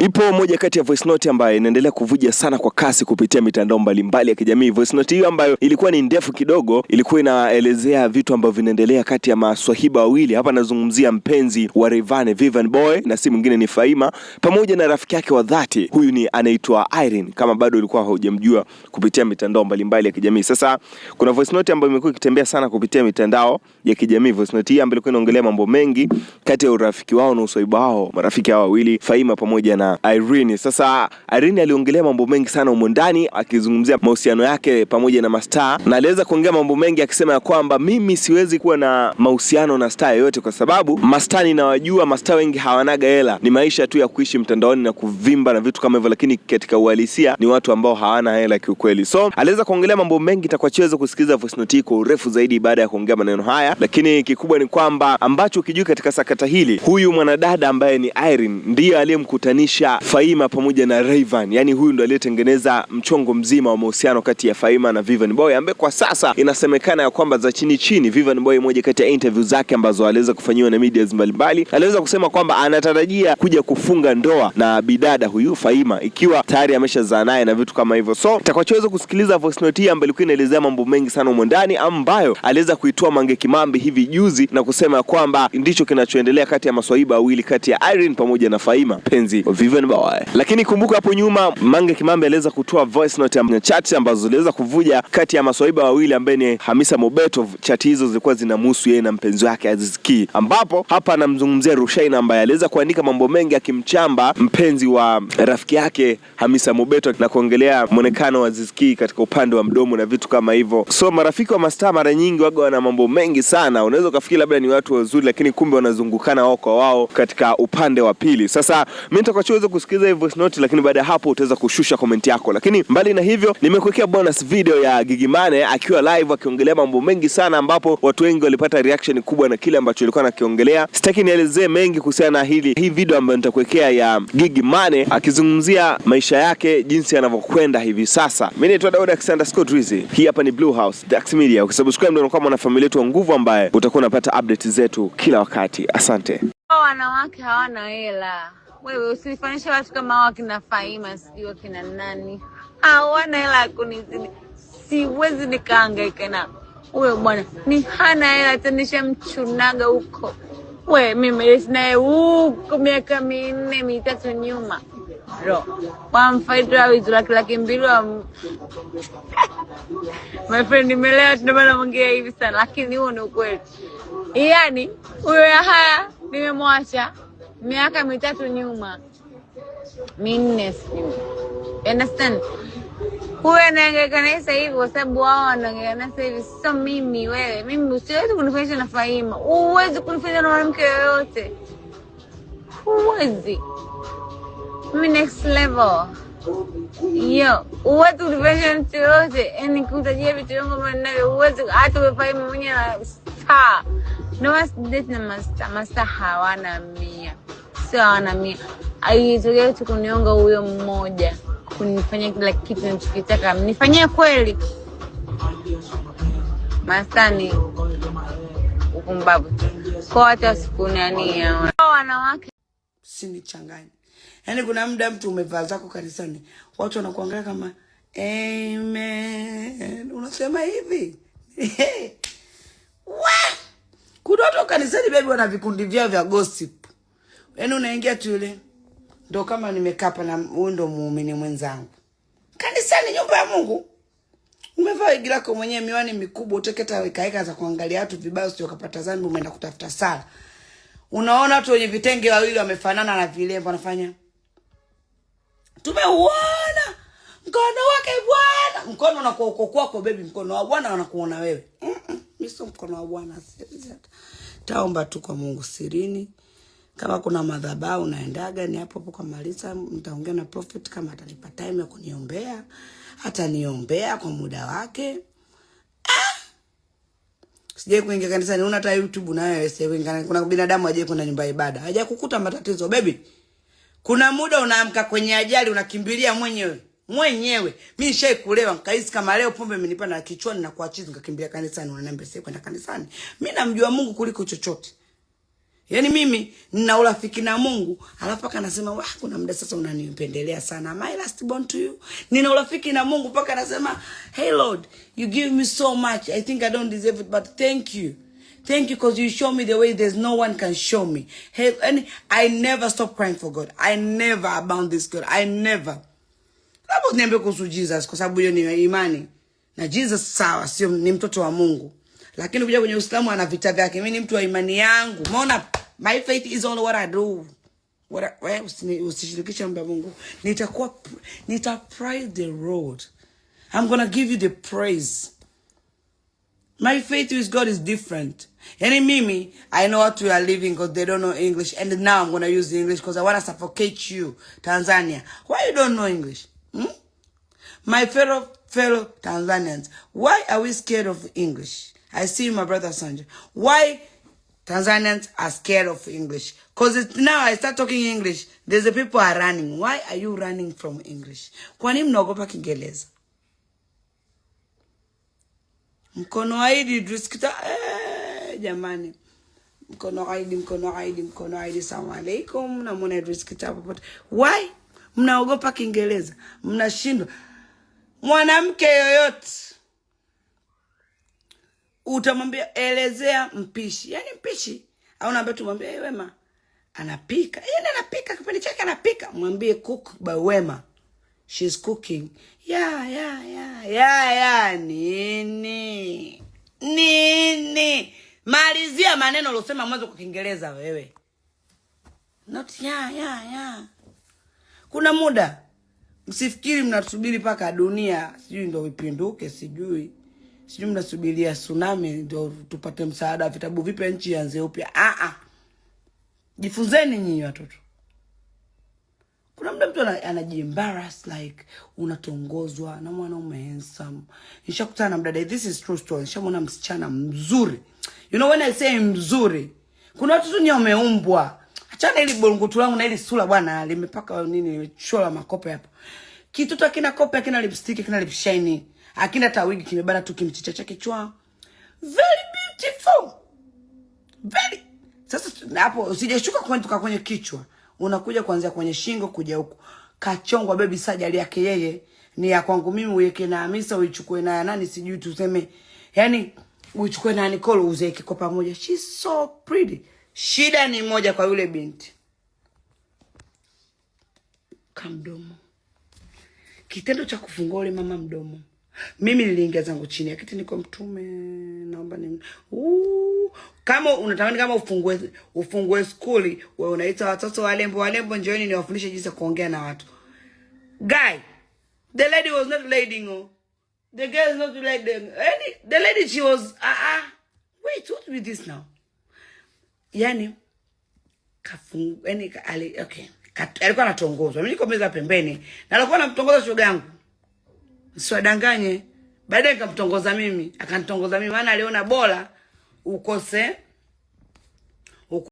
Ipo moja kati ya voice note ambayo inaendelea kuvuja sana kwa kasi kupitia mitandao mbalimbali ya kijamii. Voice note hiyo ambayo ilikuwa ni ndefu kidogo, ilikuwa inaelezea vitu ambavyo vinaendelea kati ya maswahiba wawili. Hapa nazungumzia mpenzi wa Rayvanny Vivian Boy na si mwingine ni Faima, pamoja na rafiki yake wa dhati, huyu ni anaitwa Irene, kama bado ulikuwa haujamjua kupitia mitandao mbalimbali ya kijamii. Sasa kuna voice note ambayo imekuwa ikitembea sana kupitia mitandao ya kijamii. Voice note hii ambayo ilikuwa inaongelea mambo mengi kati ya urafiki wao na uswahiba wao, marafiki hao wawili Faima pamoja na Irene. Sasa Irene aliongelea mambo mengi sana humo ndani, akizungumzia mahusiano yake pamoja na mastaa, na aliweza kuongea mambo mengi akisema ya kwamba mimi siwezi kuwa na mahusiano na staa yoyote kwa sababu mastaa ninawajua, mastaa wengi hawanaga hela, ni maisha tu ya kuishi mtandaoni na kuvimba na vitu kama hivyo, lakini katika uhalisia ni watu ambao hawana hela kiukweli. So aliweza kuongelea mambo mengi, takuachiweza kusikiliza voice note kwa urefu zaidi baada ya kuongea maneno haya, lakini kikubwa ni kwamba ambacho ukijui katika sakata hili, huyu mwanadada ambaye ni Irene ndiye aliyemkutanisha kumshirikisha Faima pamoja na Rayvanny, yani huyu ndo aliyetengeneza mchongo mzima wa mahusiano kati ya Faima na Vivian Boy, ambaye kwa sasa inasemekana ya kwamba za chini chini, Vivian Boy, moja kati ya interview zake ambazo aliweza kufanyiwa na media mbalimbali, aliweza kusema kwamba anatarajia kuja kufunga ndoa na bidada huyu Faima, ikiwa tayari ameshazaa naye na vitu kama hivyo. So takachoweza kusikiliza voice note hii ambayo ilikuwa inaelezea mambo mengi sana humo ndani, ambayo aliweza kuitoa Mange Kimambi hivi juzi na kusema kwamba ndicho kinachoendelea kati ya maswahiba wawili kati ya Irene pamoja na Faima penzi Steven Boy. Lakini kumbuka hapo nyuma Mange Kimambe aliweza kutoa voice note ya chat ambazo ziliweza kuvuja kati ya maswaiba wawili ambaye ni Hamisa Mobeto. Chati hizo zilikuwa zinamhusu yeye na mpenzi wake Aziz Ki, ambapo hapa anamzungumzia Rushaina ambaye aliweza kuandika mambo mengi akimchamba mpenzi wa rafiki yake Hamisa Mobeto na kuongelea mwonekano wa Aziz Ki katika upande wa mdomo na vitu kama hivyo. So marafiki wa mastaa mara nyingi waga wana mambo mengi sana, unaweza ukafikiri labda ni watu wazuri, lakini kumbe wanazungukana wao kwa wao katika upande wa pili. Sasa mimi nitakuachia uweze kusikiliza hii voice note, lakini baada ya hapo utaweza kushusha comment yako. Lakini mbali na hivyo, nimekuwekea bonus video ya Gigimane akiwa live akiongelea mambo mengi sana, ambapo watu wengi walipata reaction kubwa na kile ambacho alikuwa anakiongelea. Sitaki nielezee mengi kuhusiana na hili, hii video ambayo nitakuwekea ya Gigimane akizungumzia maisha yake jinsi yanavyokwenda hivi sasa. Mimi naitwa Daud Alexander Scott Rizzi, hii hapa ni Blue House Dax Media. Ukisubscribe ndio unakuwa mwanafamilia yetu wa nguvu, ambaye utakuwa unapata update zetu kila wakati. Asante. Wanawake hawana hela. Wewe usifanishe watu kama hao wakina Faima, sijui wakina nani, hawana hela ya kunizidi. Siwezi nikaangaika na huyo bwana, ni hana hela tanisha mchunaga huko. We mimi naye huko miaka minne mitatu nyuma, ro wamfaita wizi laki laki mbili wa my friend, nimelewa tunabana mongea hivi sana, lakini huo ni ukweli. Yani huyo ya haya nimemwacha miaka mitatu nyuma minne, sijui understand huyo anaongea kanisa hivi kwa sababu wao wanaongea kanisa hivi, sio mimi. Wewe mimi usiwezi kunifanyisha na Fahima, huwezi kunifanyisha na mwanamke yoyote, huwezi. Mimi next level yo, huwezi kunifanyisha mtu yoyote, yani kutajia vitu vyangu ambavyo ninavyo, huwezi. Hata Fahima mwenyewe no masta date master master hawana mia, sio hawana mia. Aitokea tu kunionga huyo mmoja kunifanyia kila kitu nichokitaka, mnifanyie kweli. Master ni ukumbavu kwa hata siku nani wanawake sinichanganye. Yaani kuna muda mtu umevaa zako kanisani, watu wanakuangalia kama amen, unasema hivi Kudoto kanisani bebi wana vikundi vyao vya gossip. Yaani unaingia tu yule. Ndio kama nimekapa na huyu ndio muumini mwenzangu. Kanisani nyumba ya Mungu. Umevaa wigi lako mwenyewe miwani mikubwa uteketa wekaeka za kuangalia watu vibaya sio kapata zambi umeenda kutafuta sala. Unaona watu wenye vitenge wawili wamefanana na vilemba wanafanya. Tumeuona mkono wake Bwana. Mkono unakuwa uko kwako bebi, mkono wa Bwana anakuona wewe. Mm -mm mimi sio mkono wa Bwana. Taomba tu kwa Mungu sirini. Kama kuna madhabahu naendaga ni hapo hapo kwa Malisa, nitaongea na prophet kama atanipa time ya kuniombea, ataniombea kwa muda wake. Ah! Sijai kuingia kanisani, una hata YouTube nayo wewe sasa. Kuna binadamu aje kuna nyumba ya ibada. Hajakukuta matatizo, baby. Kuna muda unaamka kwenye ajali unakimbilia mwenyewe mwenyewe. Mimi nishai kulewa nikaisi kama leo pombe imenipa na kichwani na kuachizi nikakimbilia kanisani, wananiambia sasa kwenda kanisani. Mimi namjua Mungu kuliko chochote. Yaani mimi nina urafiki na Mungu, alafu paka nasema wah, kuna muda sasa unanipendelea sana. My last born to you. Nina urafiki na Mungu paka nasema, "Hey Lord, you give me so much. I think I don't deserve it, but thank you." Thank you because you show me the way there's no one can show me. Hey, and yaani, I never stop crying for God. I never abound this God. I never niambie kuhusu Jesus kwa sababu hiyo ni imani. Na Jesus sawa, sio ni mtoto wa Mungu. Lakini ukija kwenye Uislamu ana vita vyake. Mimi ni mtu wa imani yangu. Umeona? My faith is all what I do. What I, usishirikishe mambo ya Mungu. Nitakuwa nita pray the road. I'm going give you the praise. My faith with God is different. Yani mimi, I know what we are living because they don't know English. And now I'm going to use English because I want suffocate you, Tanzania. Why you don't know English? Hmm? My fellow fellow Tanzanians, why are we scared of English? I see my brother Sanjay. Why Tanzanians are scared of English? Because now I start talking English, there's the people are running. Why are you running from English? Kwa nini mnaogopa Kiingereza? Mkono wa Idi tusikita eh, jamani. Mkono wa Idi, mkono wa Idi, mkono wa Idi. Salaam alaikum. Namuna tusikita popote. Why? mnaogopa Kiingereza, mnashindwa. Mwanamke yoyote utamwambia elezea mpishi, yani mpishi au naambia tumwambie hey, Wema anapika, yani anapika kipindi chake, anapika mwambie cook by Wema, she's cooking ya ya ya ya ya nini nini. Malizia maneno uliosema mwanzo kwa Kiingereza wewe, not ya ya ya kuna muda, msifikiri mnasubiri mpaka dunia sijui ndo ipinduke, sijui sijui mnasubiria tsunami ndo tupate msaada, vitabu vipya, nchi ianze upya. Ah, ah, jifunzeni nyinyi watoto. Kuna muda mtu anajiembaras like unatongozwa na mwanaume handsome. Nishakutana na mdada, this is true story. Nishamwona msichana mzuri, you know when I say mzuri, kuna watu tu ni wameumbwa Achana ili bongotu langu na ili sura bwana limepaka nini limechora makope hapo. Kitoto akina kope akina lipstick akina lip lipshine akina tawigi kimebana tu kimchicha cha kichwa. Very beautiful. Very. Sasa hapo usijashuka kutoka kwenye kichwa. Unakuja kuanzia kwenye shingo kuja huko. Kachongwa baby sajali yake yeye ni ya kwangu mimi, uweke na Hamisa uichukue na nani sijui tuseme. Yaani uichukue na Nicole uzeeke kwa pamoja. She's so pretty. Shida ni moja kwa yule binti, kamdomo, kitendo cha kufungua yule mama mdomo. Mimi niliingia zangu chini akiti, niko mtume, naomba ni Kama unatamani kama ufungue ufungue skuli, wewe unaita watoto walembo, walembo njooni niwafundishe jinsi ya kuongea na watu. Guy, the lady was not leading oh. The girl is not leading. Any, the lady she was ah uh -uh. Wait, what with this now? yani kafungu yani ali, okay Kat, alikuwa anatongozwa, mimi niko meza pembeni na alikuwa anamtongoza shoga yangu, msiwadanganye Baadaye nikamtongoza mimi, akanitongoza mimi, maana aliona bora ukose